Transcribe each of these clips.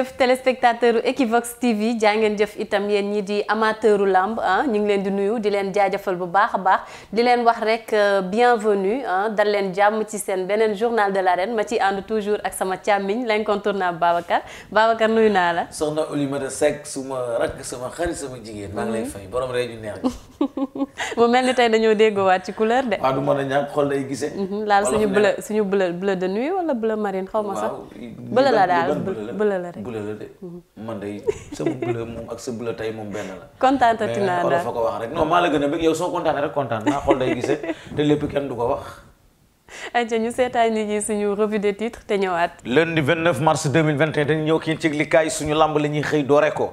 jëf téléspectateur Equivox TV jaa ngeen jëf itam yéen ñi di amateuru lamb ah ñu ngi leen di nuyu di leen jaajëfal bu baax a baax di leen wax rek euh, bienvenue ah dal leen jàmm ci seen beneen journal de la ren ma ci ànd toujours ak sama càmmiñ l'incontournable Babacar Babacar nuyu naa la. soxna Oulimata Seck suma rakk sama xarit sama jigéen. maa ngi lay mhm. fay borom rek ñu neex mu mel ni tey dañoo déggoowaat ci couleur de. waaw du mën a ñàkk xol lay gisee. Mhm, laal suñu bleu suñu bleu bleu de nuit wala bleu marine xaw ma sax. bleu la daal bleu la bleu la de. man day sa bleu moom ak sa bleu tey moom benn la. kontaanati naa daal fa ko wax rek non maa la gën a bëgg yow soo kontaanee rek kontaan naa xool day gisee te lépp kenn du ko wax. ayca ñu seetaan nit ñi suñu revue de titre te ñëwaat. lundi 29 mars 2021 dañu ñëw kii ci yëglikaay suñu lamb la ñuy xëy doore ko.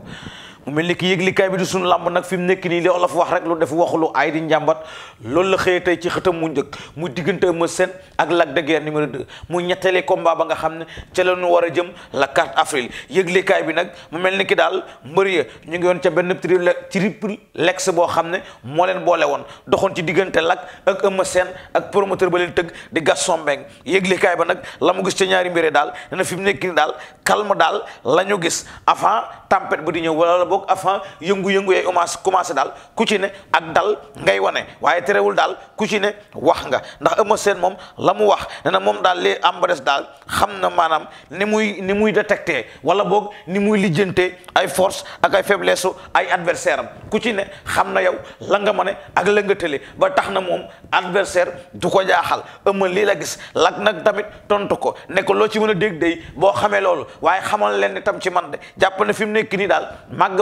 mu mel ni ki yëglikaay bi di suñu làmb nag fi mu nekk nii li olof wax rek lu def waxu lu ay di njàmbat loolu la xëyee tey ci xëtam mu njëkk mu diggante Eumeu Sène ak Lac de Guiers numéro 2 mu ñettelee combat ba nga xam ne ca la ñu war a jëm la 4 avril yëglikaay bi nag mu mel ni ki daal mbër ya ñu ngi woon ca benn triple triple lex boo xam ne moo leen boole woon doxoon ci diggante Lac ak Eumeu seen ak promoteur ba leen tëgg di Gaston Mbengue yëglikaay ba nag la mu gis ca ñaari mbir daal dana fi mu nekk nii daal calme daal la ñu gis avant tempête boog avant yëngu-yëngu yay commencé commencé daal ku ci ne ak dal ngay wane waaye terewul daal ku ci ne wax nga ndax Eumeu Sène moom la mu wax ne na moom daal li am ba des daal xam na maanaam ni muy ni muy détecté wala boog ni muy lijjante ay force ak ay faiblesse ay adversaire am ku ci ne xam na yow la nga ne ak la nga tële ba tax na moom adversaire du ko jaaxal Eumeu lii la gis lak nag tamit tontu ko ne ko loo ci mën a dégg day boo xamee loolu waaye xamal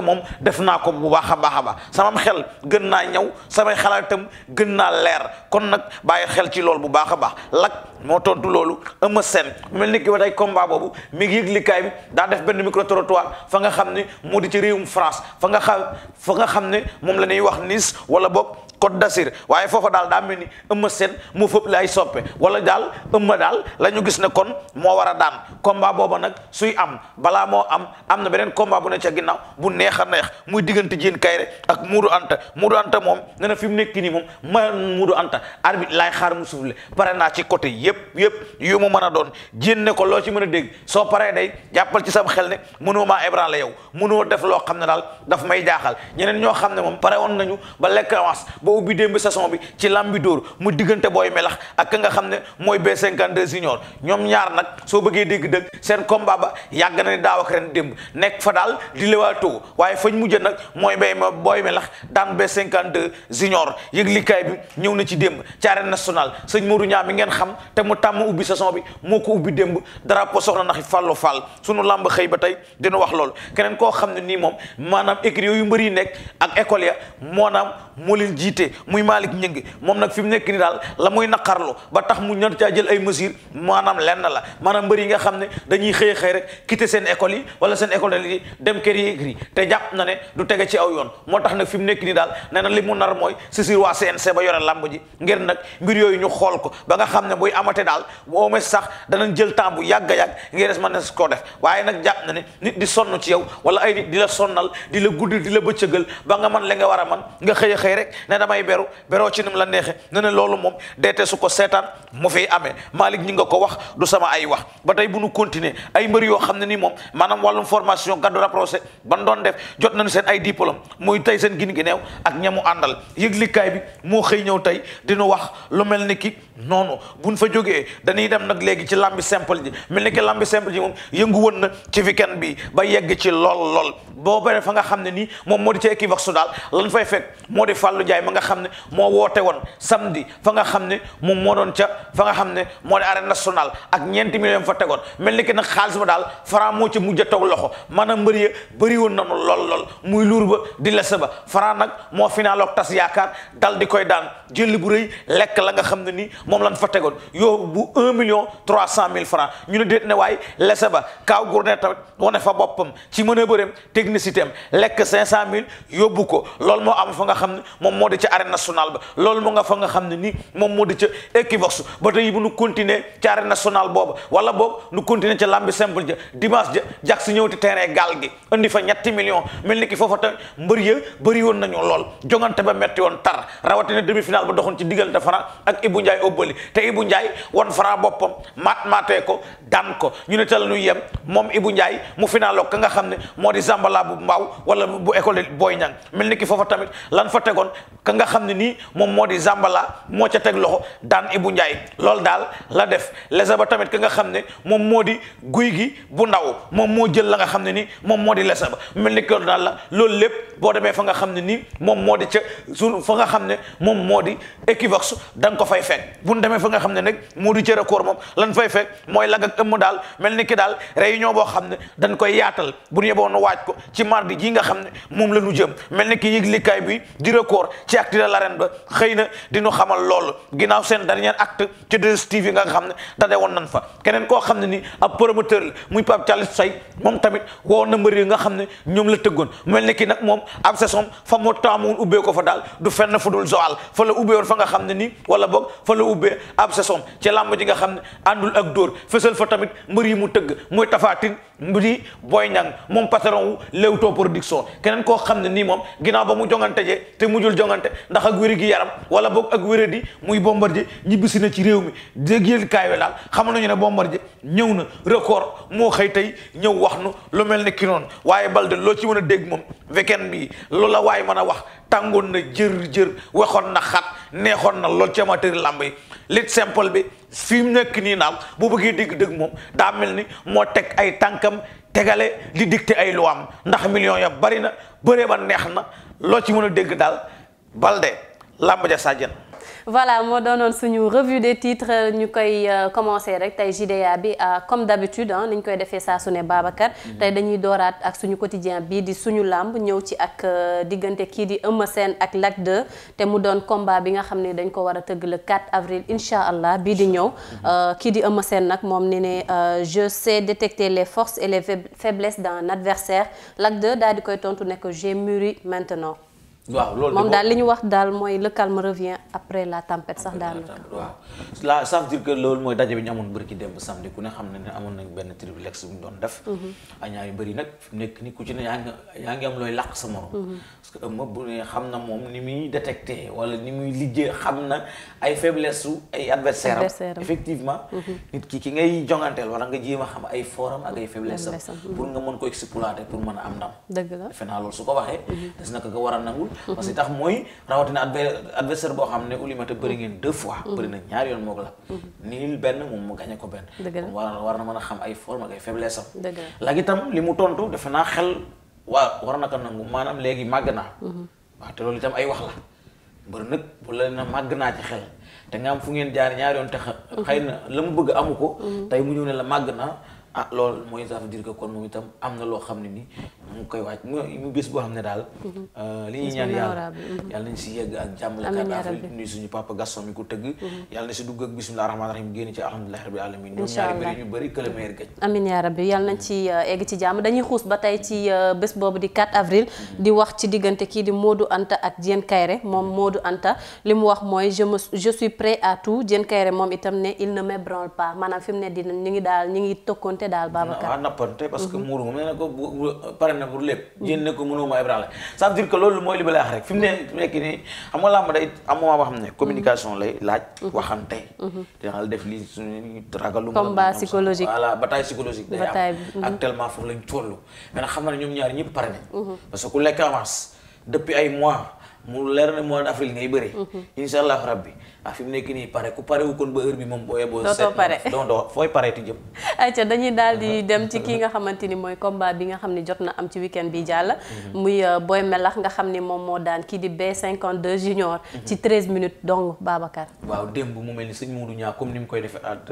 moom def naa ko bu baax a baax a baax samam xel gën naa ñëw samay xalaatam gën naa leer kon nag bàyyi xel ci loolu bu baax a baax lak moo tontu loolu Eumeu Sène mel ni ki ba tey combat boobu mi ngi yëglikaay bi daa def benn micro trottoir fa nga xam ne moo di ci réewum France fa nga xam fa nga xam ne moom la ñuy wax niis wala bopp Côte d'Azur waaye foofa daal daa mel ni Eumeu Sène mu fëpp la ay soppe wala daal Eumeu daal la ñu gis ne kon moo war a daan combat booba nag suy am balaa moo am am na beneen combat bu ne ca ginnaaw bu neex a neex muy diggante Diène Kaïré ak Modou Anta Modou Anta moom nee na fi mu nekk nii moom man Modou Anta arbitre laay xaar mu soufflé pare naa ci côté yëpp yëpp yu mu mën a doon Diène ne ko loo ci mën a dégg soo paree day jàppal ci sam xel ne mënoo maa ébranlé yow mënoo def loo xam ne daal daf may jaaxal ñeneen ñoo xam ne moom pare woon nañu ba moo ubbi démb saison bi ci lambi dóor mu diggante booy melax ak ka nga xam ne mooy B52 junior ñoom ñaar nag soo bëggee dégg dëgg seen combat ba yàgg na ne daaw ak ren démb nekk fa daal di lewaatoo waaye fañ mujj nag mooy mbay ma booy melax daan cinquante de junior yëglikaay bi ñëw na ci démb ci arène nationale sëñ Modou Niang mi ngeen xam te mu tàmm ubbi saison bi moo ko ubbi démb drapeau soxna naxi fàllu fàll sunu làmb xëy ba tey dina wax lool keneen koo xam ne nii moom maanaam écrit yooyu mbër yi nekk jiite muy Malick Ñëng moom nag fi mu nekk ni daal la muy naqarlu ba tax mu ñor caa jël ay mesures maanaam lenn la maanaam mbër yi nga xam ne dañuy xëy xëy rek quitter seen école yi wala seen école yi dem kër yi te jàpp na ne du tege ci aw yoon moo tax nag fi mu nekk ni daal nee na li mu nar mooy ba yore làmb ji ngir nag mbir yooyu ñu xool ko ba nga xam ne buy amate daal au moins sax danañ jël temps bu yàgg a yàgg ngir des mën na koo def waaye nag jàpp na ne nit di sonn ci yow wala ay nit di la sonnal di la guddi di la bëccëgal ba nga man la nga a man nga xëy xëy damay beru beroo ci nim la neexe ne ne loolu moom deete su ko seetaan mu fiy amee Malick ñi nga ko wax du sama ay wax ba tey bu nu continuer ay mbër yoo xam ne ni moom maanaam wàllum formation gàddu rapproché ban doon def jot nañu seen ay diplôme muy tey seen gin gi neew nii moom moo di ci Equivox su daal lan fay fekk moo di Fallou Ndiaye nga xam ne moo woote woon samedi fa nga xam ne moom moo doon ca fa nga xam ne moo ne arène nationale ak ñeenti million fa tegoon mel ni que nag xaalis ba daal Franc moo ci mujj a toog loxo maanaam mbër ya bëri woon nanu lool lool muy luur ba di la ba Franc nag moo finaal ak tas yaakaar dal di koy daan jël bu rëy lekk la nga xam ne nii moom lan fa tegoon yow bu un million trois cent mille francs ñu ne déet ne waaye lese ba kaaw gourne tamit wane fa boppam a bëreem technicité am lekk cinq cent mille yóbbu ko loolu moo am ca arène nationale ba loolu mu nga fa nga xam ne ni moom moo di ca Equivox ba tey bu nu continuer ca arène nationale booba wala boob nu continuer ca lambi simple ja dimanche ja jax si ñëw ti terrain gaal gi indi fa ñetti million mel ni ki foofa te mbër ya bëri woon nañu lool jongante ba metti woon tar rawatina demi final ba doxoon ci diggante Franc ak Ibou Ndiaye Obali te Ibou Ndiaye won Franc boppam maat maatee ko daan ko ñu ne tal nu yem moom Ibou Ndiaye mu final ka nga xam ne moo di Zambala bu wala bu école Boy nga xam ne nii moom moo di Zambala moo ca teg loxo daan Ibou Ndiaye loolu daal la def lesa ba tamit ka nga xam ne moom moo di guy gi bu ndaw moom moo jël la nga xam ne nii moom moo di lesa ba mel ni ko daal la loolu lépp boo demee fa nga xam ne nii moom moo di ca su fa nga xam ne moom moo di Equivox da nga ko fay fekk bu demee fa nga xam ne nag moo di ca moom lan fay fekk mooy lag ak ëmm daal mel ni ki daal réunion boo xam ne dañ koy yaatal bu ñu yeboon waaj ko ci mardi jii nga xam ne moom la jëm mel ni ki yëglikaay bi di record ci acte la ren ba xëy na di ñu xamal loolu ginnaaw seen dernier acte ci 2STV nga xam ne daje woon nañ fa keneen koo xam ne nii ab promoteur la muy Pape Thialis Faye moom tamit woo na mbër nga xam ne ñoom la tëggoon mel ni ki nag moom ab saison fa moo taamuwoon ubbee ko fa daal du fenn fu dul Joal fa la ubbee woon fa nga xam ne nii wala boog fa la ubbee ab saison ci làmb ji nga xam ne àndul ak dóor fësal fa tamit mbër yi mu tëgg muy tafaatin yi booy Niang moom patron wu Leewtoo production keneen koo xam ne nii moom ginnaaw ba mu jongante jee te mujjul jongante ndax ak wér gi yaram wala boog ak wéré di muy Bombardier ñibbisi na ci réew mi dégg kaay we daal xam nañu ne bombar Bombardier ñëw na record moo xëy tey ñëw wax nu lu mel ni ki waaye Baldé loo ci mën a dégg moom weekend bi loola waaye mën a wax tàngoon na jër jër waxoon na neexoon na lool ci amateur làmb yi bi fi mu nekk nii naam bu bëggee dégg moom daa mel ni moo teg ay tànkam tegale di dicté ay luwaam ndax million ya bari na bëree ba neex na loo ci mën a dégg daal Balde làmb ja sàjjan voilà moo doonoon suñu revue des titres ñu koy euh, commencer rek tey JDA bi euh, comme d'habitude ah ni ñu koy defee saa su ne Babacar. Mhm. tey dañuy dooraat ak suñu quotidien bii di suñu làmb ñëw ci ak euh, diggante kii di Eumeu seen ak Lac de te mu doon combat bi nga xam ne dañ ko war a tëgg le 4 avril incha allah bii di ñëw. kii di Eumeu seen nag moom ne ne jeu sais détecter les forces et les faiblesses d'un adversaire Lac 2 daal di koy tontu ne que j'ai mûri waaw loolu moom daal li ñu wax daal mooy le ma revient après la tempête sax daanaka. la ça loolu mooy daje bi ñu amoon bëri ki démb xam ne ne amoon nañ benn triplex bu ñu doon mhm. yu bëri nag nekk ni ku ci ne yaa sa morom. Mhm. xam na moom ni muy détecté wala ni muy liggéey xam na ay su ay adversaire am effectivement. Mhm. nit ki ki ngay jonganteel wala nga jéem a xam ay forum ak ay faiblesse am. pour nga ko exploiter pour mën am ndam. dëgg la defe naa loolu su ko waxee. des na ko war a nangul parce que tax mooy rawatina adversaire boo xam ne Oulimata bëri ngeen deux fois mm-hmm. bëri na ñaari yoon moog la mm-hmm. niil benn moom mu gagné ko benn kon war war na mën a xam ay forme li mu tontu defe naa xel waa war na ko nangu maanaam léegi màgg naa mm-hmm. waaw te loolu tam ay wax la mbër nag bu la na màgg naa ci xel te nga am fu ngeen jaar ñaari yoon te xay na la mu bëgg amu ko tey mu ñëw ne la màgg naa ah loolu mooy ça veut dire que kon moom itam am na loo xam ne ni mu koy waaj mu bés boo xam ne daal mhm. euh, li ñuy ñaan yàlla mhm. yàlla nañ si yegg ak jàmm la kat Afrique nuyu suñu papa Gaston ko tëgg mhm. yàlla na si dugg ak bismillah rahmaan rahim génn ci alhamdulilah rabbil alamin ñoom euh, ci jàmm dañuy xuus ba tey ci euh, bés boobu di 4 avril di wax ci diggante kii di Modou Anta ak Diène Kayré moom Modou Anta li mu wax mooy je me je suis prêt à tout Diène Kayré moom itam fi mu ne dina ñu ngi daal ñu ngi tokkoonte nappante daal Babacar waaw nappante parce que mhm. muuru moom nee na ko pare na pour lépp jénn ne ko mënuma Ibrahima ça veut dire que loolu mooy li balaax rek fi ne nekk ne mhm. laaj mhm. waxante dinal def psychologique voilà psychologique day am foofu lañ toll mais nag xam ne ñoom ñaar ñëpp pare nañ parce que ku lekk avance depuis ay mois mu leer na mois d'avril ngay bëre. Mhm. incha allah rabbi ah fi mu nekk nii pare ku pare kon ba heure bi moom boo. seet donc donc fooy pare ti jëm. ayca dañuy daal di mhm. dem ci kii nga xamante ni mooy combat bi nga xam ni jot na am ci weekend bi jàll. Mhm. Euh, nga xam ni moom moo daan kii di B52 junior. ci 13 minutes donc Babacar. waaw démb mu mel ni sëñ Moudou Niang comme ni mu koy defee at.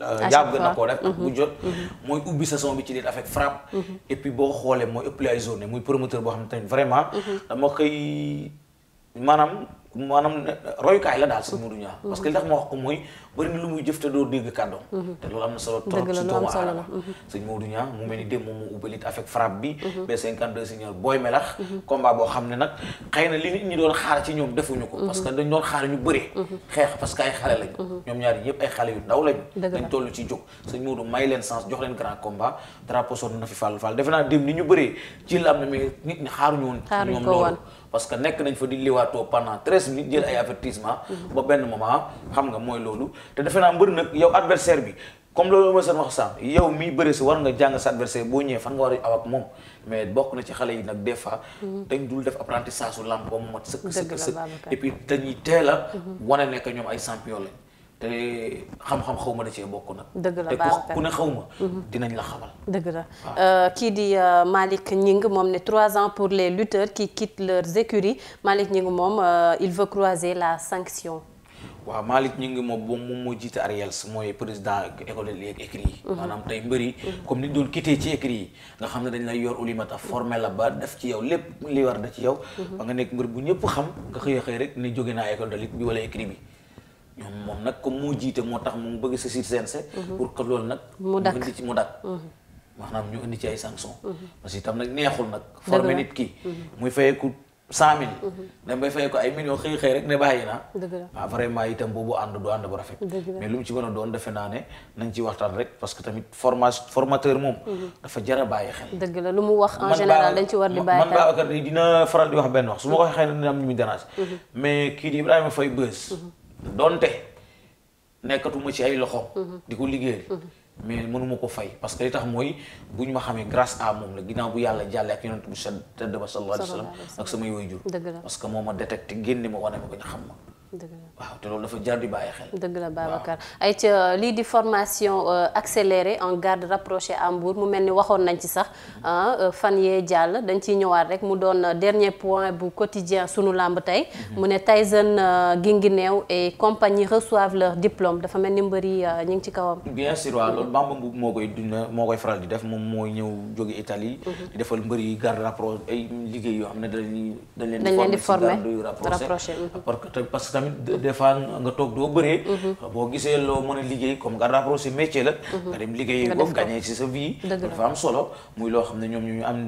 Ah, yàgg na koo def bu jot. mooy ubbi sa saison bi ci déet avec frappe. et boo xoolee mooy ëpp ay zone muy promoteur boo xam ne tamit vraiment. dama koy. maanaam maanaam royukaay la daal sëñ Modou Niang parce que li tax ma wax ko mooy bëri na lu muy jëf te doo dégg kàddoom mhm. te loolu am na solo trop ci doomu aadama mhm. mhm. boo xam ne nag xëy na li nit ñi doon xaar ci ñoom defuñu ko parce que dañ doon xaar ñu bëree xeex que ay xale lañ ñoom ñëpp xale yu ndaw lañ dañ toll ci jóg sëñ Modou may leen sens jox leen grand combat drapeau sonn na fi fàll fàll defe naa démb ni ñu bëree ci la am na mais nit ñi xaaruñu woon parce que nekk nañ fa di liwaatoo pendant treize minutes jël ay avertissement ba benn moment xam nga mooy loolu te defe naa mbër nag yow adversaire bi comme loolu ma seen wax sànq yow mii bëre si war nga jàng sa adversaire boo ñëwee fan nga war a ak moom mais bokk na ci xale yi nag des fois mm-hmm. dañ dul def apprentissage su làmb ba mu mat sëkk sëkk sëkk et puis dañuy mm-hmm. wane nekk ñoom ay champion lañ te xam-xam xaw ma da cee bokk nag. dëgg la te ku ne xaw ma. Mhm. dinañ la xamal. dëgg la euh, kii di euh, Malick Ning moom ne trois ans pour les lutteurs qui quittent leurs écuries Malick Ning moom euh, il veut croiser la sanction. waaw Malick ñu moom moom moo jiite Ariels mooy président école des écrits yi. Mhm. maanaam tey mbëri mhm. comme ni doon quitté ci écrits yi nga xam ne dañ lay yor ulimata formé ba def ci yow lépp li war da ci yow. ba nga nekk mbër bu ñëpp xam nga xëy a xëy ñoom moom nag comme moo jiite moo tax mu bëgg saisir CNG. Mhm. pour que nag. mu dakk mu indi mu dakk. Mhm. maanaam ñu indi ci ay sanctions. Mhm. parce que itam nag neexul nag. formé nit kii. muy fayeeku cent mille. dem bay fayee ko ay millions lu ci mën doon defe naa ne nañ ci waxtaan rek que tamit formation formateur moom. dafa jar a bàyyi xel. dëgg la lu mu wax en général dañ ci war di bàyyi xel man Babacar dina faral di wax benn wax su ma ko waxee xëy na dina am ñu mais kii di Ibrahima Faye Beuz. donte nekkatuma ci ay loxo. Mhm. di ko liggéeyal. Mhm. mais mënuma ko fay parce que li tax mooy bu ñu ma xamee grâce à moom la ginnaaw bu yàlla jàlle ak yonent bu tedd ba sallallahu alayhi wa sallam ak samay waajur parce que moo ma détecté génne ma wane ma ko ñu xam ma waaw te loolu dafa jar di bàyyi xel. dëgg la Babacar ay ca euh, lii di formation euh, accélérée en garde rapprochée à Mbour mu mel ni waxoon nañ ci sax mhm. euh, fan yee jàll dañ ci ñëwaat rek mu doon dernier point bu quotidien sunu làmb tey. Mhm. mu ne Tyson Guinguinéo et compagnie reçoivent leur diplôme dafa mel ni mbër yi ñu ngi ci kawam. bien sûr waaw loolu Bamba Mbuub moo koy dina moo koy faral di def moom mooy ñëw jóge Italie. Mhm. defal mbër yi garde rapprochée ay tamit des fois nga toog doo bëree mhm. boo gisee loo mën a liggéey comme garde rapproché métier la mhm. nga dem liggéey ko gagné ci sa vie dafa am solo muy loo xam ne ñoom ñu am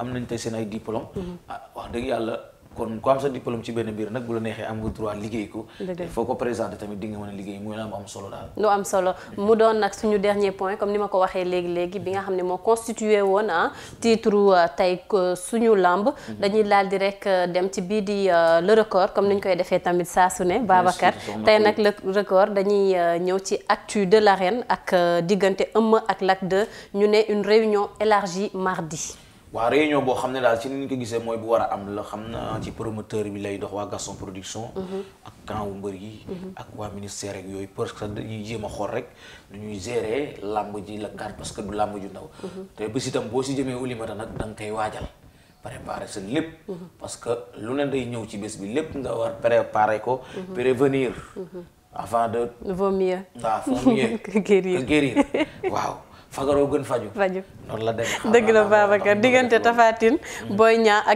am nañ tey seen ay diplôme mhm. ah wax yàlla kon ku am sa diplôme ci benn biir nag bu la neexee am nga droit liggéey ko. dëgg foo ko présenté tamit di nga liggéey muy la am solo daal. lu am solo mu doon nag suñu dernier point comme ni ma ko waxee léegi léegi bi nga xam ne moo constitué woon ah titre euh, tey euh, suñu làmb mhm. dañuy laal di rek euh, dem ci bii di le record comme ni ñu koy defee tamit saa su ne. Babacar tey nag le record dañuy ñëw ci actu de l'arène ak diggante Eumeu ak Lac 2 ñu ne une réunion élargie mardi. waa réunion boo xam ne daal ci ni ñu ko gisee mooy bu war a am la xam na ci promoteur bi lay dox waa Gaston production. Mhm. ak camp wu mbër yi. Mhm. ak waa ministère rek yooyu parce que dañuy jéem xool rek nu ñuy ji la gàtt parce que du làmb ju ndaw. Mhm. te bés itam boo si jëmee Oulimata nag da nga koy waajal. préparer sa lépp. parce que lu ne day ñëw ci bés bi lépp nga war préparer ko. prévenir. avant de. vaut ah, mieux. waaw waaw. fagaroo gën faju faju noonu la demee dëgg la Babacar diggante mm-hmm.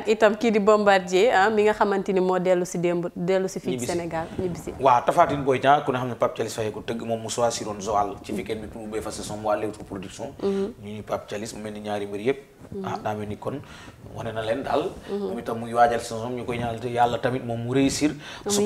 itam kii di Bombardier ah mi nga xamante ni moo dellu si démb dellu si fii Sénégal ñibbisi waaw Tafatine Boy Niang ku ne xam ne Pape Thialis Faye ko tëgg moom mu choisiroon Joal ci mm-hmm. weekend bi pour mm-hmm. ñuy mu mel ni ñaari mbir yëpp ah daa mel ni kon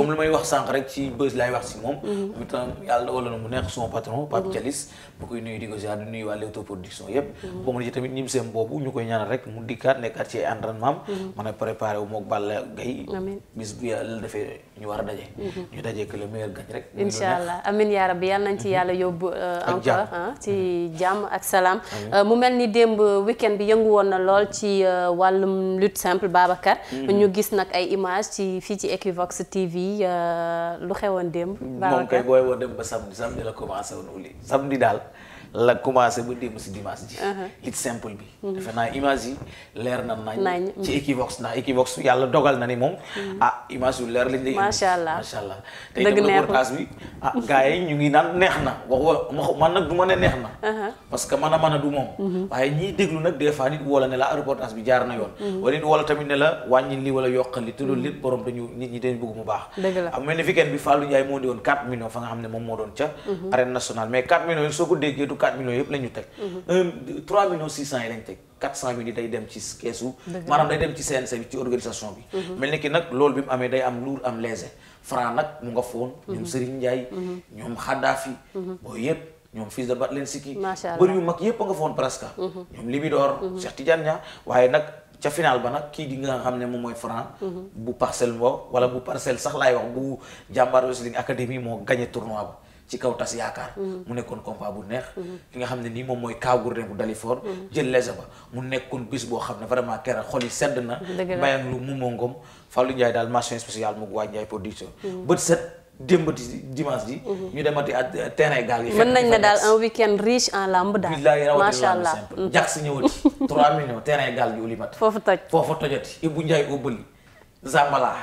waajal ci bës laay wax si moom moom itam yàlla wala mu neex son patron Pape Thialis bu koy nuyu di ko ziar di nuyu waa l'autoproduction yëpp bokk na ci tamit ñim boobu ñu koy ñaanal rek mu dikkaat nekkaat ci entraînement mm-hmm. mën a préparé wu mook Balla Gaye bis bu yàlla defee ñu war a daje mm-hmm. ñu daje que le meilleur gagne rek incha allah amin yaa rabbi yàlla nañ ci mm-hmm. yàlla yóbbu euh, encore ci jàmm ak salaam euh, mu mel ni démb week bi yëngu woon na lool ci euh, wàllum lutte simple Babacar ñu gis nag ay image ci fii ci Equivox TV lu xewoon démb Babacar moom kay booy woo dem ba samedi samedi la commencé woon uli daal la commencé ba démb si dimanche ji. lit uh-huh. simple bi. defe naa image yi leer na nañ. ci Equivox ndax Equivox yàlla dogal na ni moom. Mm-hmm. Ah, image yu leer lañ lay. macha allah allah tey ah, ngi naan neex na wax man nag du ma ne neex na. Uh-huh. parce man a man a du moom. Mm-hmm. waaye ñiy déglu nag des fois nit wala ne la reportage bi jaar na yoon. Mm-hmm. wala nit wala tamit ne la wàññi li wala yokkal li te loolu lépp mm-hmm. borom dañu nit ñi dañu bëgg mu baax. am mel ni weekend bi Fallou Ndiaye moo di woon 4 millions fa nga xam ne moom moo doon ca. arène nationale mais 4 millions yi soo ko déggee du 4 millions yëpp 400000 yi day dem ci keesu maanaam day dem ci CNC bi ci organisation bi mhm. mel ni ki nag loolu bi mu amee day am luur am léger Franc nag mu nga foon mhm. ñoom Serigne Ndiaye mhm. ñoom Khadafi boo yëpp ñoom fils de Batlenski bëri yu mag yëpp a nga foon presque ñoom Libidor Cheikh Tidiane Niang waaye nag ca final ba nag kii di nga xam ne moom mooy Franc bu parcelle bo wala bu parcelle sax laay wax bu jàmbaar wrestling académie moo gagné tournoi ba ci kaw tas yaakaar mm-hmm. mu nekkoon combat bu neex mm-hmm. ki nga xam ne nii moom mooy kaagourde bu Dalifor mm-hmm. jël lese ba mu nekkoon bis boo xam ne vraiment keral xol yi sedd na mbayang lu mumoo ngom Fallou Ndiaye daal mention spéciale mu waa Ndiaye production bët set démbati dimanche ji ñu demati ak euh, terrain gaal yi mën nañ ne daal un week en lamb daal macha allah jax si ñëwati 3 millions terrain gaal gi ulimat foofu toj foofu tojati Ibou Ndiaye óbbali Zambala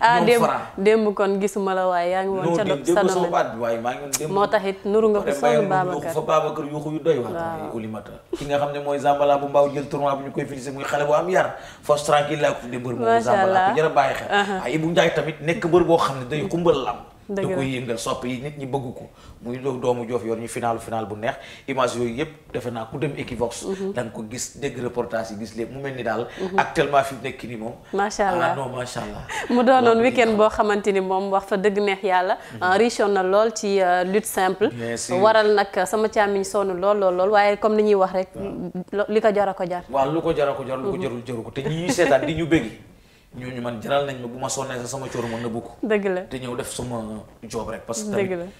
ah démb démb kon gisuma la waaye yaa ngi woon ca dox sa domaine baat waaye maa ngi woon démb moo taxit nuru nga ko sonn Babacar fa Babacar yuuxu yu doy wax ki nga xam ne mooy Zambala bu mbaaw jël tournoi bi ñu koy félicité muy xale bu am yar force tranquille laa ko tudde mbër moom Zambala ko jërë bàyyi xel uh-huh. waaye Ibou Ndiaye tamit nekk mbër boo xam ne day mm. xumbal lam da koy yëngal sopp yi nit ñi bëgg ko muy doomu joof yor ñu final final bu neex image yooyu yëpp defe naa ku dem Equivox mhm. da nga ko gis dégg reportage yi gis lépp mu mel ni daal mhm. actuellement fi nekk ni moom macha allah ah non macha allah mu doonoon week boo xamante ni moom wax fa dëgg neex yàlla mhm. ah, richoon na lool ci euh, lutte simple waral nag sama càmmiñ sonn lool lool lool waaye comme ni ñuy wax rek li ko jar a ko jar waaw lu ko jar a ko jar lu ko jarul ñooñu man jaral nañ ma bu ma sonnee sax sama coor man nëbbu ko. dëgg la te ñëw def sama joob rek. parce que tamit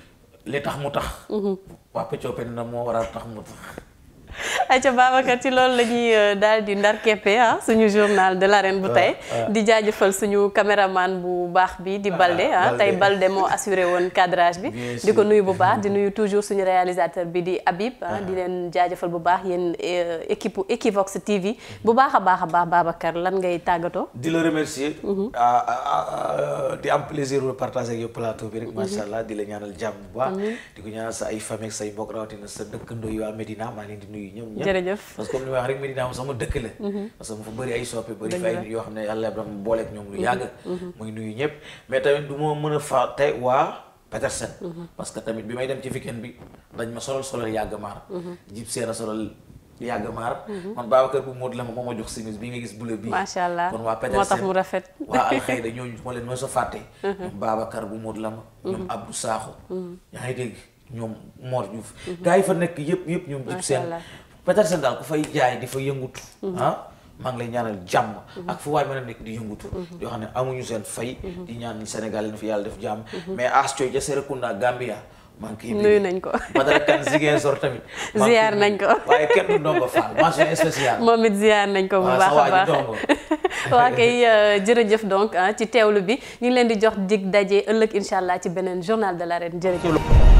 li tax mu tax. Mhm. waa Peccopé na moo waral tax mu tax. aca Babacar ci loolu la ñuy euh, daal di ndar keppe ah suñu journal de ren bu tey ah, ah. di jaajëfal suñu caméraman bu baax bi di ah, Balde tey Balde moo assuré woon cadrage bi di ko nuyu bu baax di mm-hmm. nuyu toujours suñu réalisateur bi di Habib ah di leen jaajëfal bu baax yéen euh, équipe Equivox TV mm-hmm. bu baax a baax a baax Babacar lan ngay tàggatoo di la remercier mm-hmm. di am plaisir de partager ak yow plateau bi rek macha allah di la ñaanal jàmm bu baax di ko ñaanal sa ay famille ak say mbokk rawatina sa dëkkandoo yu nuyu ñoom ñëpp jërëjëf parce que comme li ma wax rek Medina moom sama dëkk la mhm. parce que mu fa bëri ay soppe bëri fa ay yoo xam ne yàlla dama booleeg ñoom lu yàgg mhm. Mhm. muy nuyu ñëpp mais tamit du ma mën a fàtte waa Petersen parce que tamit bi may dem ci weekend bi dañ ma solal solal yàgg maar jib seen a solal yàgg maar man Babacar bu Modou la ma moo ma jox simis bi nga gis bule bi macha allah kon waa Petersen moo leen mooy sa fàtte ñoom bu Modou la ma ñoom Abdou Sakho yaa ngi dégg ñoom Mor Diouf. Mhm. gars yi fa nekk yëpp ñoom. jub seen Petersen daal ku fay jaay di fa yëngutu mhm. ah maa ñaanal jàmm. Mhm. ak fu waay mën a nekk di yëngutu yoo xam ne amuñu seen fay. di ñaan Sénégal yi fi yàlla def jàmm. mais as cooy ja Serekunda Gambia. maa ngi ko Badara Kane nañ ko waaye kenn du ndongo moom it ziar nañ ko bu baax a baax waa kay euh, jërëjëf donc ah, ci teewlu bi ñu ngi leen di jox dig daje ëllëg incha allah ci beneen journal de l'arène jërëjëf.